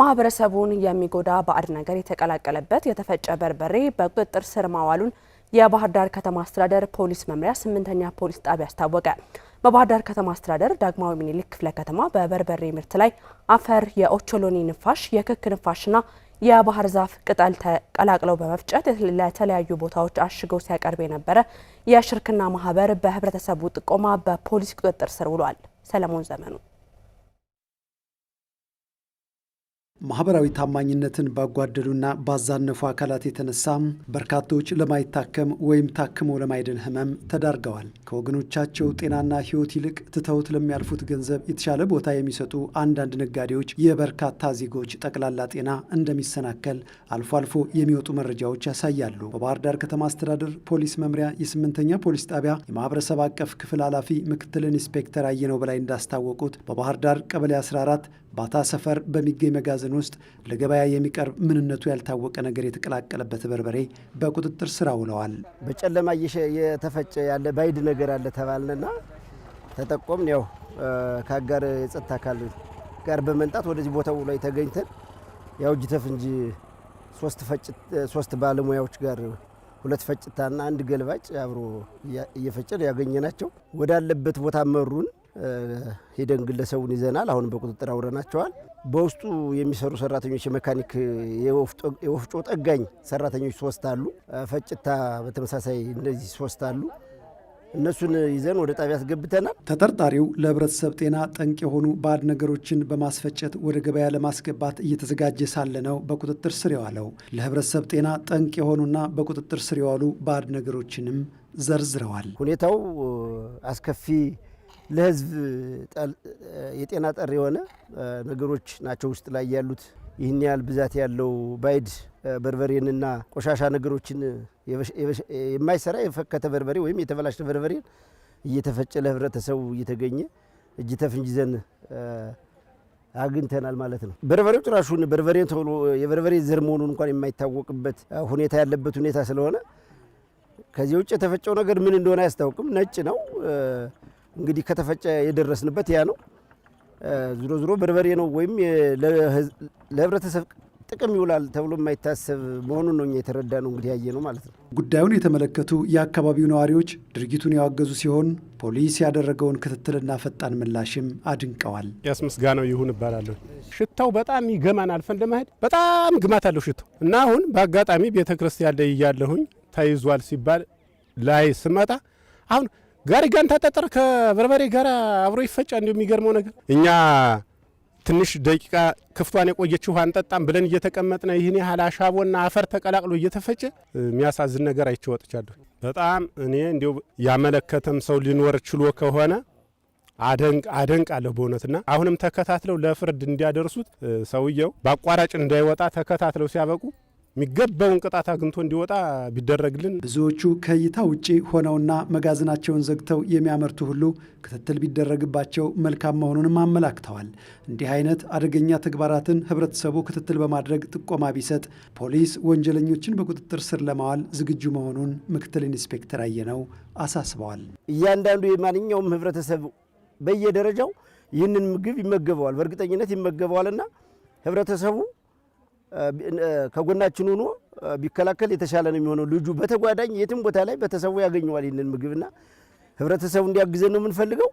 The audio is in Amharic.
ማህበረሰቡን የሚጎዳ ባዕድ ነገር የተቀላቀለበት የተፈጨ በርበሬ በቁጥጥር ስር ማዋሉን የባህር ዳር ከተማ አስተዳደር ፖሊስ መምሪያ ስምንተኛ ፖሊስ ጣቢያ አስታወቀ። በባህር ዳር ከተማ አስተዳደር ዳግማዊ ምኒልክ ክፍለ ከተማ በበርበሬ ምርት ላይ አፈር፣ የኦቾሎኒ ንፋሽ፣ የክክ ንፋሽና የባህር ዛፍ ቅጠል ተቀላቅለው በመፍጨት ለተለያዩ ቦታዎች አሽገው ሲያቀርብ የነበረ የሽርክና ማህበር በህብረተሰቡ ጥቆማ በፖሊስ ቁጥጥር ስር ውሏል። ሰለሞን ዘመኑ ማህበራዊ ታማኝነትን ባጓደሉና ባዛነፉ አካላት የተነሳ በርካቶች ለማይታከም ወይም ታክሞ ለማይድን ህመም ተዳርገዋል። ከወገኖቻቸው ጤናና ህይወት ይልቅ ትተውት ለሚያልፉት ገንዘብ የተሻለ ቦታ የሚሰጡ አንዳንድ ነጋዴዎች የበርካታ ዜጎች ጠቅላላ ጤና እንደሚሰናከል አልፎ አልፎ የሚወጡ መረጃዎች ያሳያሉ። በባህር ዳር ከተማ አስተዳደር ፖሊስ መምሪያ የስምንተኛ ፖሊስ ጣቢያ የማህበረሰብ አቀፍ ክፍል ኃላፊ ምክትል ኢንስፔክተር አየነው በላይ እንዳስታወቁት በባህር ዳር ቀበሌ 14 ባታ ሰፈር በሚገኝ መጋዘን ውስጥ ለገበያ የሚቀርብ ምንነቱ ያልታወቀ ነገር የተቀላቀለበት በርበሬ በቁጥጥር ስር ውለዋል። በጨለማ የተፈጨ ያለ ባይድ ነገር አለ ተባልንና ተጠቆምን። ያው ከአጋር የጸጥታ አካል ጋር በመንጣት ወደዚህ ቦታው ላይ ተገኝተን ያው እጅ ተፍንጂ ሶስት ባለሙያዎች ጋር ሁለት ፈጭታና አንድ ገልባጭ አብሮ እየፈጨን ያገኘናቸው ወዳለበት ቦታ መሩን። ሄደን ግለሰቡን ይዘናል። አሁንም በቁጥጥር አውረናቸዋል። በውስጡ የሚሰሩ ሰራተኞች የመካኒክ የወፍጮ ጠጋኝ ሰራተኞች ሶስት አሉ። ፈጭታ በተመሳሳይ እነዚህ ሶስት አሉ። እነሱን ይዘን ወደ ጣቢያ አስገብተናል። ተጠርጣሪው ለህብረተሰብ ጤና ጠንቅ የሆኑ ባዕድ ነገሮችን በማስፈጨት ወደ ገበያ ለማስገባት እየተዘጋጀ ሳለ ነው በቁጥጥር ስር የዋለው። ለህብረተሰብ ጤና ጠንቅ የሆኑና በቁጥጥር ስር የዋሉ ባዕድ ነገሮችንም ዘርዝረዋል። ሁኔታው አስከፊ ለህዝብ የጤና ጠር የሆነ ነገሮች ናቸው ውስጥ ላይ ያሉት። ይህን ያህል ብዛት ያለው ባይድ በርበሬንና ቆሻሻ ነገሮችን የማይሰራ የፈከተ በርበሬ ወይም የተበላሸ በርበሬን እየተፈጨ ለህብረተሰቡ እየተገኘ እጅ ተፍንጅ ዘን አግኝተናል ማለት ነው። በርበሬው ጭራሹን በርበሬን ተብሎ የበርበሬ ዘር መሆኑን እንኳን የማይታወቅበት ሁኔታ ያለበት ሁኔታ ስለሆነ ከዚህ ውጭ የተፈጨው ነገር ምን እንደሆነ አያስታውቅም። ነጭ ነው። እንግዲህ ከተፈጨ የደረስንበት ያ ነው። ዝሮ ዝሮ በርበሬ ነው ወይም ለህብረተሰብ ጥቅም ይውላል ተብሎ የማይታሰብ መሆኑን ነው እኛ የተረዳ ነው እንግዲህ ያየ ነው ማለት ነው። ጉዳዩን የተመለከቱ የአካባቢው ነዋሪዎች ድርጊቱን ያወገዙ ሲሆን ፖሊስ ያደረገውን ክትትልና ፈጣን ምላሽም አድንቀዋል። ምስጋናው ይሁን እባላለሁ። ሽታው በጣም ይገማን አልፈን ለመሄድ በጣም ግማት አለው ሽታው እና አሁን በአጋጣሚ ቤተ ክርስቲያን ላይ እያለሁኝ ተይዟል ሲባል ላይ ስመጣ አሁን ጋር ጋን ከበርበሬ ጋር አብሮ ይፈጫ። እንዲሁ የሚገርመው ነገር እኛ ትንሽ ደቂቃ ክፍቷን የቆየች ውሃ አንጠጣም ብለን እየተቀመጥነ ይህን ያህል አሻቦና አፈር ተቀላቅሎ እየተፈጨ የሚያሳዝን ነገር አይቼ ወጥቻለሁ። በጣም እኔ እንዲሁ ያመለከተም ሰው ሊኖር ችሎ ከሆነ አደንቅ አደንቃለሁ በእውነትና አሁንም ተከታትለው ለፍርድ እንዲያደርሱት ሰውየው በአቋራጭ እንዳይወጣ ተከታትለው ሲያበቁ የሚገባውን ቅጣት አግኝቶ እንዲወጣ ቢደረግልን። ብዙዎቹ ከእይታ ውጪ ሆነውና መጋዘናቸውን ዘግተው የሚያመርቱ ሁሉ ክትትል ቢደረግባቸው መልካም መሆኑንም አመላክተዋል። እንዲህ አይነት አደገኛ ተግባራትን ህብረተሰቡ ክትትል በማድረግ ጥቆማ ቢሰጥ ፖሊስ ወንጀለኞችን በቁጥጥር ስር ለማዋል ዝግጁ መሆኑን ምክትል ኢንስፔክተር አየነው አሳስበዋል። እያንዳንዱ የማንኛውም ህብረተሰብ በየደረጃው ይህንን ምግብ ይመገበዋል፣ በእርግጠኝነት ይመገበዋልና ህብረተሰቡ ከጎናችን ሆኖ ቢከላከል የተሻለ ነው የሚሆነው። ልጁ በተጓዳኝ የትም ቦታ ላይ በተሰቡ ያገኘዋል ይህንን ምግብና ህብረተሰቡ እንዲያግዘን ነው የምንፈልገው።